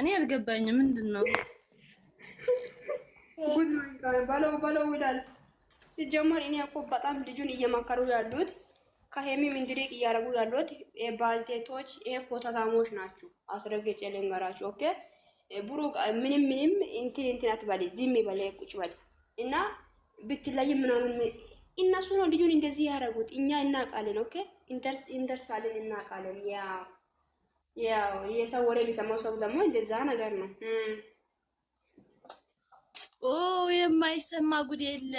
እኔ አልገባኝም። ምንድን ነው በለው በለው ይላል። ሲጀመር እኔ እኮ በጣም ልጁን እየመከሩ ያሉት ከሄሚም እንድሪቅ እያደረጉ ያሉት ባልቴቶች ኮተታሞች ናችሁ። አስረግጬ ልንገራችሁ። ኦኬ ብሩክ ምንም ምንም እንትን እንትን አትበል፣ ዝም በል፣ ቁጭ በል እና ብትለይ ምናምን እነሱ ነው ልጁን እንደዚህ ያደረጉት። እኛ እናውቃለን። ኦኬ እንደርስ እንደርሳለን እናውቃለን። ያው ያው የሰው ወሬ የሚሰማው ሰው ደግሞ እንደዛ ነገር ነው። ኦ የማይሰማ ጉድ የለ።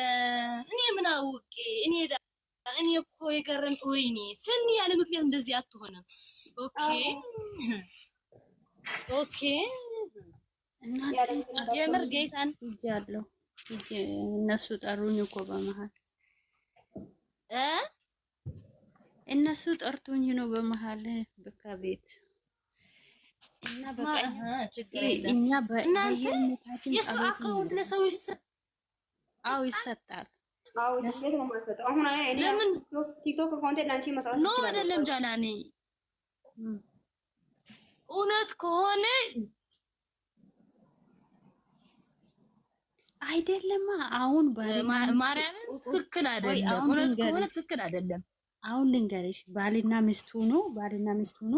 እኔ ምን አውቄ እኔ እኔ እኮ የገረም ወይኔ ሰኒ ያለ ምክንያት እንደዚህ አትሆንም። ኦኬ ኦኬ። እናንተ የምር ጌታን እያለሁ እነሱ ጠሩኝ እኮ በመሀል እ እነሱ ጠርቶኝ ነው በመሀል በቃ ቤት እና በቃ እኛ በእናንተታችን አካውንት ለሰው ይሰጣል። አዎ ለምን ኖ አይደለም ጃላኔ እውነት ከሆነ አይደለማ። አሁን ማርያምን ትክክል አይደለም። እውነት ከሆነ ትክክል አይደለም። አሁን ልንገርሽ፣ ባልና ሚስት ሆኖ ባልና ሚስት ሆኖ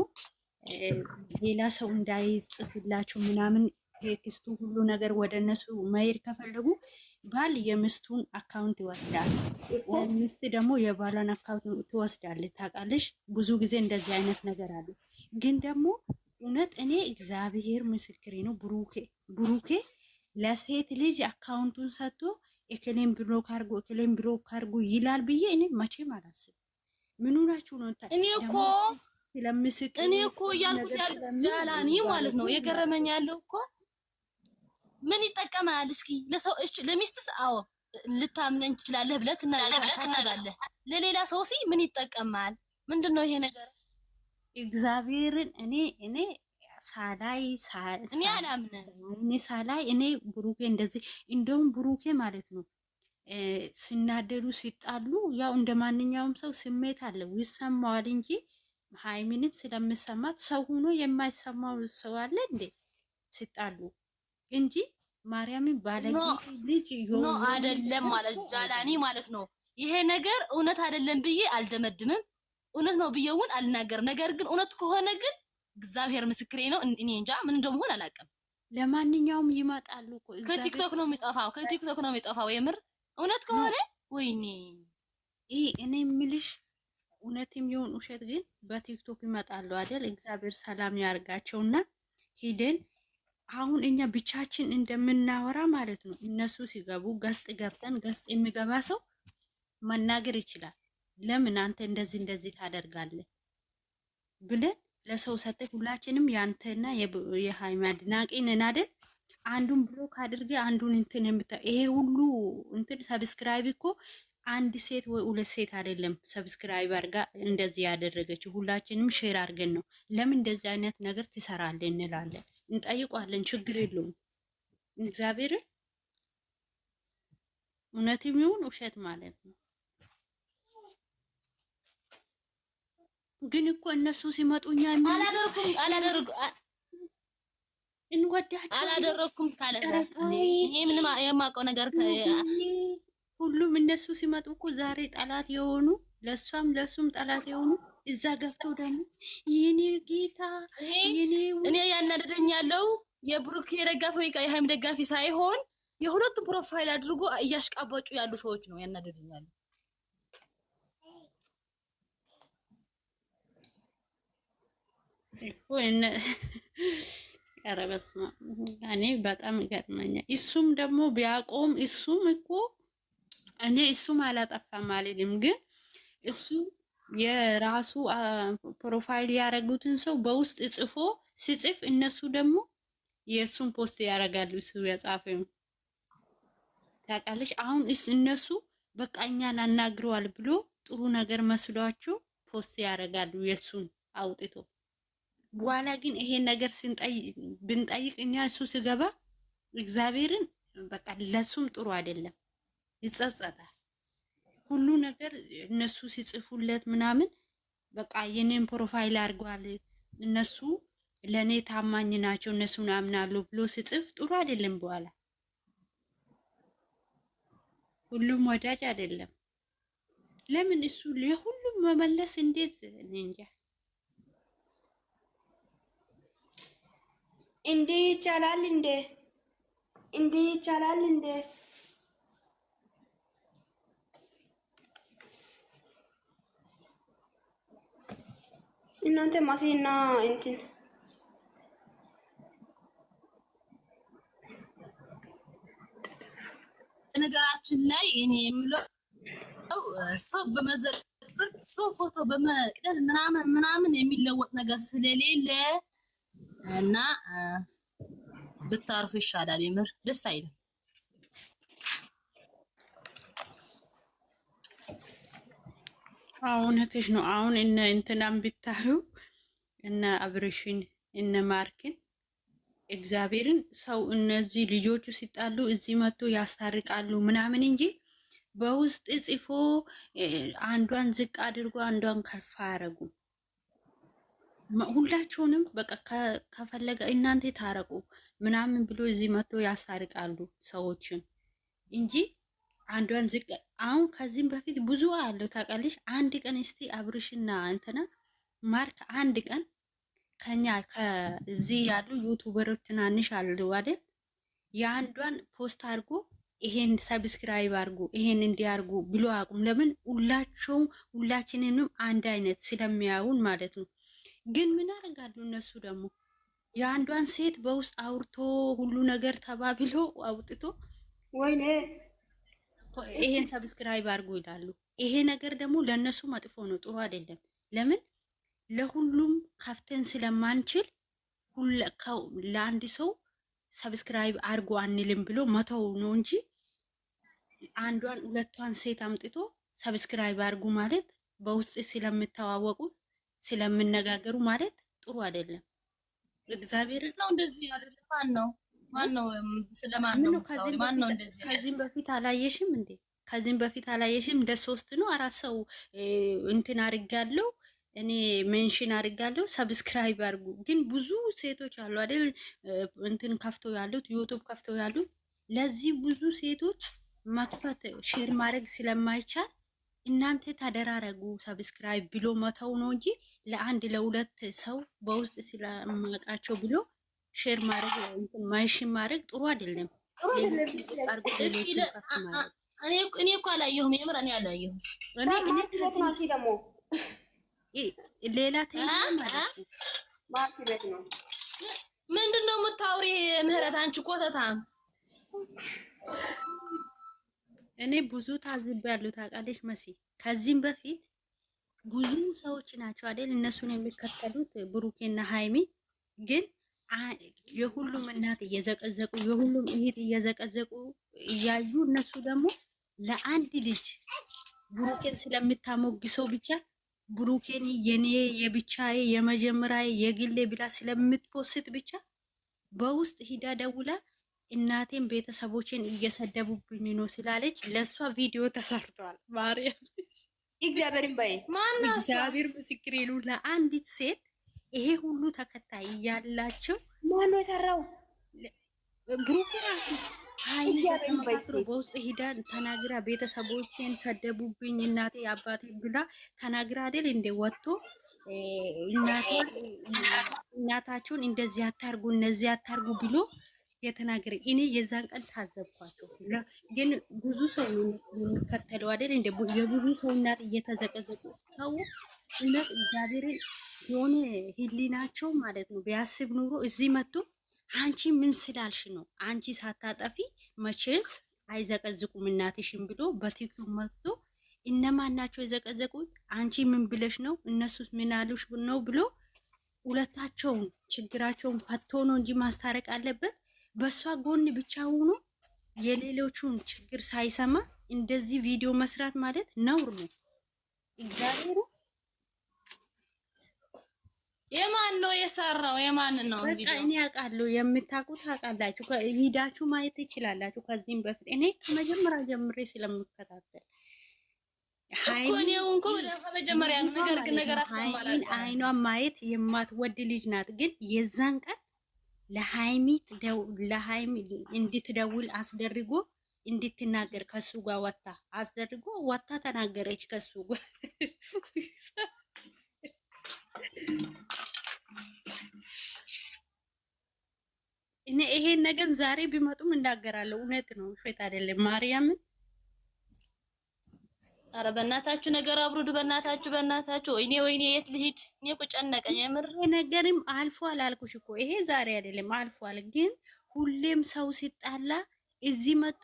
ሌላ ሰው እንዳይጽፍላችሁ ምናምን ቴክስቱ ሁሉ ነገር ወደ እነሱ መሄድ ከፈለጉ ባል የምስቱን አካውንት ይወስዳል፣ ሚስት ደግሞ የባሏን አካውንት ትወስዳለች። ታውቃለሽ፣ ብዙ ጊዜ እንደዚህ አይነት ነገር አለ። ግን ደግሞ እውነት እኔ እግዚአብሔር ምስክሬ ነው። ብሩኬ ለሴት ልጅ አካውንቱን ሰጥቶ እክሌም ብሎ ካርጉ እክሌም ብሎ ካርጉ ይላል ብዬ እኔ መቼም አላስብ ምን ሆናችሁ ነው? እኔ እኮ ስለምስቅ እኔ እኮ እያልኩት ጃላኒ ማለት ነው የገረመኝ ያለው እኮ ምን ይጠቀማል? እስኪ ለሰው እሺ፣ ለሚስትስ አዎ ልታምነኝ ትችላለህ ብለህ ትናለህ። ለሌላ ሰው ሲ ምን ይጠቀማል? ምንድን ነው ይሄ ነገር? እግዚአብሔርን እኔ እኔ ሳላይ እኔ አላምንም። እኔ ሳላይ እኔ ብሩኬ እንደዚህ እንደውም ብሩኬ ማለት ነው ሲናደዱ ሲጣሉ፣ ያው እንደ ማንኛውም ሰው ስሜት አለው ይሰማዋል እንጂ ሀይሚንም ስለምሰማት ሰው ሆኖ የማይሰማው ሰው አለ እንዴ? ሲጣሉ እንጂ ማርያምን ባለጌ ልጅ ኖ አይደለም ማለት ጃላኒ ማለት ነው። ይሄ ነገር እውነት አይደለም ብዬ አልደመድምም። እውነት ነው ብዬውን አልናገርም። ነገር ግን እውነት ከሆነ ግን እግዚአብሔር ምስክሬ ነው። እኔ እንጃ ምን እንደምሆን አላውቅም። ለማንኛውም ይመጣሉ ከቲክቶክ ነው የሚጠፋው፣ ከቲክቶክ ነው የሚጠፋው የምር እውነት ከሆነ ወይኔ ይህ እኔ የምልሽ እውነትም ይሁን ውሸት ግን በቲክቶክ ይመጣሉ አይደል? እግዚአብሔር ሰላም ያርጋቸውና ሂደን አሁን እኛ ብቻችን እንደምናወራ ማለት ነው። እነሱ ሲገቡ ገስጥ ገብተን ገስጥ የሚገባ ሰው መናገር ይችላል። ለምን አንተ እንደዚህ እንደዚህ ታደርጋለህ ብለን ለሰው ሰጥተህ ሁላችንም የአንተና የሃይማ አድናቂ ነን አይደል? አንዱን ብሎክ አድርገ አንዱን እንትን የምታ ይሄ ሁሉ እንትን ሰብስክራይብ እኮ አንድ ሴት ወይ ሁለት ሴት አይደለም። ሰብስክራይብ አርጋ እንደዚህ ያደረገችው ሁላችንም ሼር አድርገን ነው። ለምን እንደዚህ አይነት ነገር ትሰራለህ እንላለን፣ እንጠይቋለን። ችግር የለውም። እግዚአብሔርን እውነትም ይሁን ውሸት ማለት ነው። ግን እኮ እነሱ ሲመጡ እኛ እንወዳቸው አላደረኩም ካለ ምንም የማውቀው ነገር ሁሉም እነሱ ሲመጡ እኮ ዛሬ ጠላት የሆኑ ለእሷም ለእሱም ጠላት የሆኑ እዛ ደግሞ የኔ ጌታ እኔ ያናደደኝ ያለው የብሩክ የሃይም ደጋፊ ሳይሆን የሁለቱም ፕሮፋይል አድርጎ እያሽቃባጩ ያሉ ሰዎች ነው እኮ ኧረ በስመ አብ እኔ በጣም ይገርመኛል። እሱም ደግሞ ቢያቆም እሱም እኮ እኔ እሱም አላጠፋም አልልም፣ ግን እሱ የራሱ ፕሮፋይል ያደረጉትን ሰው በውስጥ ጽፎ ሲጽፍ እነሱ ደግሞ የእሱን ፖስት ያደርጋሉ። እሱ የጻፈው ታውቃለች። አሁን እነሱ በቃ እኛን አናግረዋል ብሎ ጥሩ ነገር መስሏቸው ፖስት ያደርጋሉ የእሱን አውጥቶ በኋላ ግን ይሄን ነገር ብንጠይቅ እኛ እሱ ስገባ እግዚአብሔርን በቃ ለሱም ጥሩ አይደለም፣ ይጸጸታል። ሁሉ ነገር እነሱ ሲጽፉለት ምናምን በቃ የኔን ፕሮፋይል አድርጓል፣ እነሱ ለእኔ ታማኝ ናቸው፣ እነሱ አሉ ብሎ ሲጽፍ ጥሩ አይደለም። በኋላ ሁሉም ወዳጅ አይደለም። ለምን እሱ ለሁሉም መመለስ እንዴት እንጃ እንዲህ ይቻላል እንዴ? እንዲህ ይቻላል እንዴ? እናንተ ማሲና እንትን ነገራችን ላይ እኔ የምለው ሰው በመዘቅጥ ሰው ፎቶ በመቅደል ምናምን ምናምን የሚለወጥ ነገር ስለሌለ እና ብታርፉ ይሻላል። የምር ደስ አይልም። እውነትሽ ነው። አሁን እነ እንትናም ብታዩ እነ አብርሽን እነ ማርክን እግዚአብሔርን ሰው እነዚህ ልጆቹ ሲጣሉ እዚህ መጥቶ ያስታርቃሉ ምናምን እንጂ በውስጥ ጽፎ አንዷን ዝቅ አድርጎ አንዷን ከፍ አያደርጉም። ሁላቸውንም በቃ ከፈለገ እናንተ ታረቁ ምናምን ብሎ እዚህ መጥቶ ያሳርቃሉ ሰዎችን እንጂ አንዷን ዝቅ አሁን ከዚህም በፊት ብዙ አለው ታውቃለች። አንድ ቀን እስቲ አብርሽና እንትና ማርክ አንድ ቀን ከኛ ከዚህ ያሉ ዩቱበሮች ትናንሽ አሉ አይደል የአንዷን ፖስት አድርጎ ይሄን ሰብስክራይብ አድርጉ ይሄን እንዲያርጉ ብሎ አቁም። ለምን ሁላቸው ሁላችንንም አንድ አይነት ስለሚያዩን ማለት ነው። ግን ምን አደርጋለሁ? እነሱ ደግሞ የአንዷን ሴት በውስጥ አውርቶ ሁሉ ነገር ተባብሎ አውጥቶ ወይኔ ይሄን ሰብስክራይብ አድርጎ ይላሉ። ይሄ ነገር ደግሞ ለእነሱ መጥፎ ነው፣ ጥሩ አይደለም። ለምን ለሁሉም ከፍተን ስለማንችል ለአንድ ሰው ሰብስክራይብ አድርጎ አንልም ብሎ መተው ነው እንጂ አንዷን ሁለቷን ሴት አምጥቶ ሰብስክራይብ አድርጉ ማለት በውስጥ ስለምተዋወቁ ስለምነጋገሩ ማለት ጥሩ አይደለም። እግዚአብሔር ነው እንደዚህ አይደለም። ማን ነው ማን ነው ስለማን ነው? ማን ነው እንደዚህ ከዚህም በፊት አላየሽም እንዴ? ከዚህም በፊት አላየሽም? እንደ ሶስት ነው አራት ሰው እንትን አድርጋለሁ እኔ ሜንሽን አድርጋለሁ። ሰብስክራይብ አድርጉ። ግን ብዙ ሴቶች አሉ አይደል? እንትን ከፍተው ያሉት ዩቱብ ከፍተው ያሉት ለዚህ ብዙ ሴቶች መክፈት ሼር ማድረግ ስለማይቻል እናንተ ተደራረጉ ሰብስክራይብ ብሎ መተው ነው እንጂ ለአንድ ለሁለት ሰው በውስጥ ስለማውቃቸው ብሎ ሼር ማድረግ ማይሽን ማድረግ ጥሩ አይደለም። እኔ እኮ አላየሁም፣ የምር እኔ አላየሁም። ሌላ ምንድን ነው የምታውሪ? ምህረት አንቺ ኮተታም እኔ ብዙ ያለው ታውቃለች መሲ ከዚህም በፊት ብዙ ሰዎች ናቸው አይደል እነሱን የሚከተሉት ብሩኬና ሃይሚ ግን የሁሉም እናት እየዘቀዘቁ የሁሉም እህት እየዘቀዘቁ እያዩ እነሱ ደግሞ ለአንድ ልጅ ብሩኬን ስለምታሞግሰው ብቻ ብሩኬን የኔ የብቻዬ የመጀመሪያ የግሌ ብላ ስለምትፖስት ብቻ በውስጥ ሂዳ ደውላ እናቴን ቤተሰቦችን እየሰደቡብኝ ነው ስላለች ለእሷ ቪዲዮ ተሰርቷል። ማርያም እግዚአብሔርን ባይ እግዚአብሔር ምስክር ይሉ ለአንዲት ሴት ይሄ ሁሉ ተከታይ እያላቸው ማነው የሰራው? ብሩክ ራሱ ሀይሮ በውስጥ ሂዳ ተናግራ ቤተሰቦችን ሰደቡብኝ እናቴ አባቴ ብላ ተናግራ አይደል እንደ ወጥቶ እናታቸውን እንደዚህ አታርጉ እነዚህ አታርጉ ብሎ የተናገረ እኔ የዛን ቀን ታዘብኳቸው። ግን ብዙ ሰው የሚከተለው አይደል እንደ የብዙ ሰው እናት እየተዘቀዘቁ ሰው እውነት እግዚአብሔርን የሆነ ህሊናቸው ማለት ነው ቢያስብ ኑሮ እዚህ መጥቶ አንቺ ምን ስላልሽ ነው አንቺ ሳታጠፊ መቼስ አይዘቀዝቁም እናትሽን ብሎ በቲክቶክ መጥቶ እነማን ናቸው የዘቀዘቁት? አንቺ ምን ብለሽ ነው እነሱ ምን አሉሽ ነው ብሎ ሁለታቸውን ችግራቸውን ፈቶ ነው እንጂ ማስታረቅ አለበት። በእሷ ጎን ብቻ ሆኖ የሌሎቹን ችግር ሳይሰማ እንደዚህ ቪዲዮ መስራት ማለት ነውር ነው። እግዚአብሔር የማን ነው የሰራው? የማን ነው ቪዲዮ? እኔ አውቃለሁ፣ የምታውቁት አውቃላችሁ፣ ሂዳችሁ ማየት ትችላላችሁ። ከዚህም በፊት እኔ ከመጀመሪያ ጀምሬ ስለምከታተል አይኗን ማየት የማትወድ ልጅ ናት፣ ግን የዛን ቀን ለሃይሚ እንድትደውል አስደርጎ እንድትናገር ከሱ ጋር ወታ አስደርጎ ወታ ተናገረች። ከሱ ጋር እኔ ይሄን ነገር ዛሬ ቢመጡም እናገራለሁ። እውነት ነው፣ ውሸት አይደለም። ማርያምን አረ በእናታችሁ ነገር አብሩድ፣ በእናታችሁ በእናታችሁ፣ ወይኔ ወይኔ፣ የት ልሂድ? እኔ እኮ ጨነቀኝ የምር። ነገርም አልፏል አልኩሽ እኮ ይሄ ዛሬ አይደለም አልፏል። ግን ሁሌም ሰው ሲጣላ እዚህ መቶ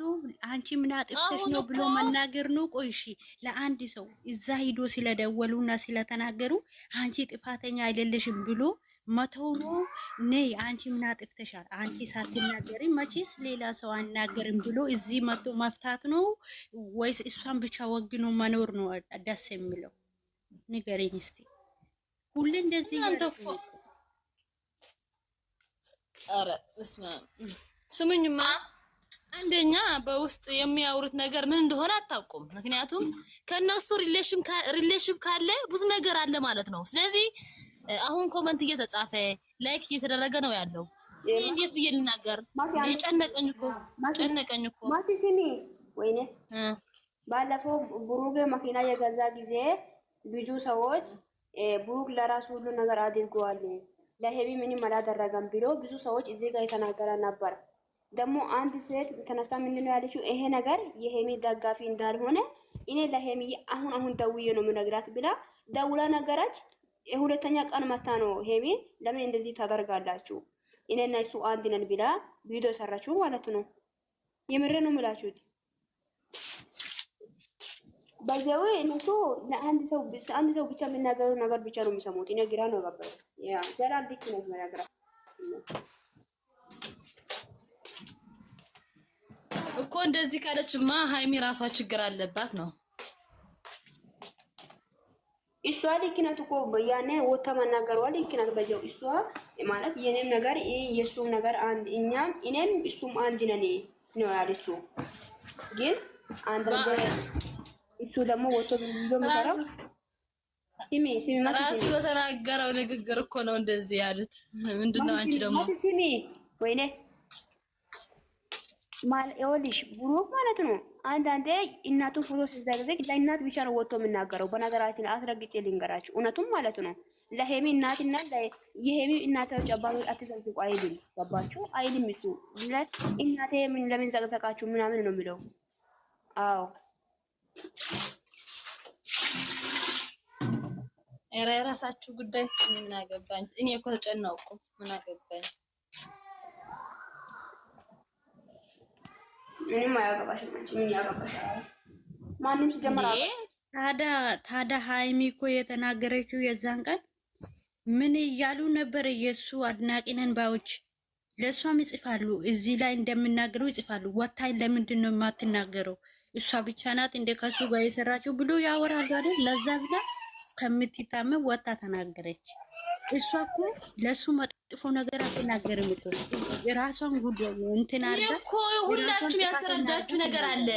አንቺ ምን አጥፍተሽ ነው ብሎ መናገር ነው። ቆይሺ ለአንድ ሰው እዛ ሂዶ ስለደወሉና ስለተናገሩ አንቺ ጥፋተኛ አይደለሽም ብሎ መተው ነይ አንቺ ምን አጥፍተሻል? አንቺ ሳትናገሪ መቼስ ሌላ ሰው አናገርም ብሎ እዚህ መቶ መፍታት ነው ወይስ እሷን ብቻ ወግኖ መኖር ነው ደስ የሚለው? ንገሪኝ እስቲ። ሁሉ እንደዚህ አረ እስማ ስሙኝማ አንደኛ በውስጥ የሚያወሩት ነገር ምን እንደሆነ አታውቁም። ምክንያቱም ሪሌሽን ሪሌሽን ካለ ብዙ ነገር አለ ማለት ነው። ስለዚህ አሁን ኮመንት እየተጻፈ ላይክ እየተደረገ ነው ያለው። ይሄ እንዴት ብዬ ልናገር? ጨነቀኝ እኮ ጨነቀኝ እኮ ማሲ ስሚ፣ ወይኔ ባለፈው ብሩክ መኪና የገዛ ጊዜ ብዙ ሰዎች ብሩክ ለራሱ ሁሉ ነገር አድርገዋል ለሄቢ ምንም አላደረገም ብሎ ብዙ ሰዎች እዚህ ጋር የተናገረ ነበር። ደግሞ አንድ ሴት ተነስታ ምንድን ነው ያለችው? ይሄ ነገር የሄሚ ደጋፊ እንዳልሆነ እኔ ለሄሚ አሁን አሁን ደውዬ ነው የምነግራት ብላ ደውላ ነገራች። የሁለተኛ ቀን መታ ነው ሄሜ ለምን እንደዚህ ታደርጋላችሁ? እኔና እሱ አንድ ነን ብላ ቪዲዮ ሰራችሁ ማለት ነው። የምሬ ነው ምላችሁት በዚያው እነሱ ለአንድ ሰው አንድ ሰው ብቻ የሚናገሩ ነገር ብቻ ነው የሚሰሙት። እኔ ግራ ነው ገባ ገራ ልክ ነው የሚናገራ እኮ እንደዚህ ካለችማ ሀይሚ ራሷ ችግር አለባት ነው እሷ ልክ ናት እኮ ያኔ ወታ መናገሯ ልክ ናት። በየው እሷ ማለት የኔም ነገር የእሱም ነገር አንድ እኛም እኔም እሱም አንድ ነን ነው ያለችው። ግን አንድ እሱ ደግሞ ወቶ ብሎ የሚሰራው ስሚ ስሚ ራሱ በተናገረው ንግግር እኮ ነው እንደዚህ ያሉት። ምንድነው አንቺ ደግሞ ስሚ ወይኔ ይኸውልሽ ብሩክ ማለት ነው። አንዳንዴ እናቱን ፎቶ ሲዘግዘግ ለእናት ብቻ ነው ወጥቶ የምናገረው። በነገራችን አስረግጬ ልንገራችሁ እውነቱም ማለት ነው። ለሄሚ እናትና የሄሚ እናቶች አባቶ አትዘግዝቁ አይልም። ገባችሁ አይልም። እሱ እናቴ ለምን ዘቅዘቃችሁ ምናምን ነው የሚለው። አዎ ራሳችሁ ጉዳይ። ምናገባኝ። እኔ እኮ ተጨናውቁ። ምን እኔም አያገባሽም። አንቺ ምን ያገባሻል? ማንም ሲጀምር ታዳ ታዳ ሃይሚ እኮ የተናገረችው የዛን ቀን ምን እያሉ ነበር? የእሱ አድናቂ ነን ባዎች ለእሷም ይጽፋሉ፣ እዚህ ላይ እንደምናገረው ይጽፋሉ። ወታኝ ለምንድን ነው የማትናገረው? እሷ ብቻ ናት እንደ ከሱ ጋር የሰራችው ብሎ ያወራሉ አይደል? ለዛ ብላ ከምትታመም ወታ ተናገረች። እሷ እኮ ለእሱ መጥፎ ነገር አትናገርም እኮ የራሷን ጉዳይ እንትን አድርጋ እኮ። ሁላችሁም ያልተረዳችሁ ነገር አለ።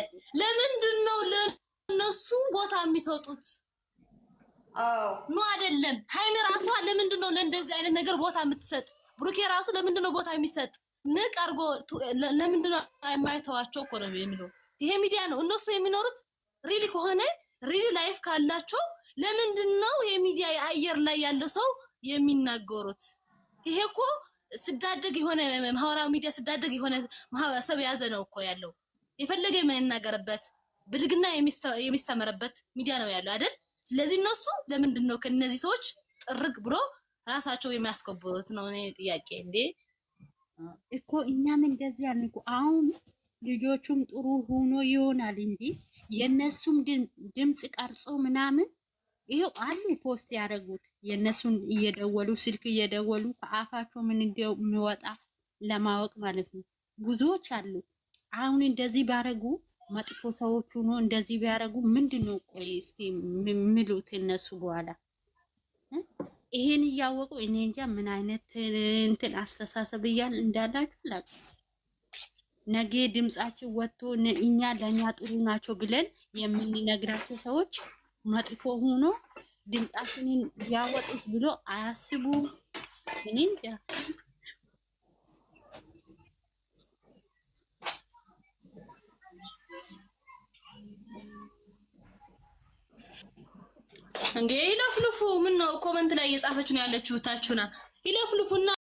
ለምንድን ነው ለእነሱ ቦታ የሚሰጡት? ኖ አይደለም። ሀይሜ ራሷ ለምንድን ነው ለእንደዚህ አይነት ነገር ቦታ የምትሰጥ? ብሩኬ ራሱ ለምንድን ነው ቦታ የሚሰጥ? ንቅ አድርጎ ለምንድን ነው የማይተዋቸው እኮ ነው የሚለው። ይሄ ሚዲያ ነው እነሱ የሚኖሩት ሪሊ ከሆነ ሪሊ ላይፍ ካላቸው ለምንድን ነው የሚዲያ የአየር ላይ ያለ ሰው የሚናገሩት? ይሄ እኮ ስዳደግ የሆነ ማህበራዊ ሚዲያ ስዳደግ የሆነ ማህበረሰብ የያዘ ነው እኮ ያለው። የፈለገ የምንናገርበት ብልግና የሚስተመርበት ሚዲያ ነው ያለው አይደል? ስለዚህ እነሱ ለምንድን ነው ከእነዚህ ሰዎች ጥርግ ብሎ ራሳቸው የሚያስከብሩት ነው እኔ ጥያቄ። እንዴ እኮ እኛም እንደዚህ አንኩ አሁን ልጆቹም ጥሩ ሆኖ ይሆናል እንጂ የእነሱም ድምፅ ቀርጾ ምናምን ይሄው አሉ ፖስት ያደረጉት የእነሱን እየደወሉ ስልክ እየደወሉ ከአፋቸው ምን የሚወጣ ለማወቅ ማለት ነው። ብዙዎች አሉ። አሁን እንደዚህ ባረጉ መጥፎ ሰዎቹ ነው እንደዚህ ቢያረጉ ምንድን ነው ቆይ እስቲ ምሉት እነሱ በኋላ ይሄን እያወቁ እኔ እንጃ ምን አይነት እንትን አስተሳሰብ እያል እንዳላችሁ አላውቅም። ነገ ድምጻችን ወጥቶ እኛ ለእኛ ጥሩ ናቸው ብለን የምንነግራቸው ሰዎች መጥፎ ሆኖ ድምጻችንን ያወጡት ብሎ አያስቡ እኔን እንዴ ይለፍልፉ። ምን ነው ኮመንት ላይ እየጻፈች ነው ያለችው ታችሁና ይለፍልፉና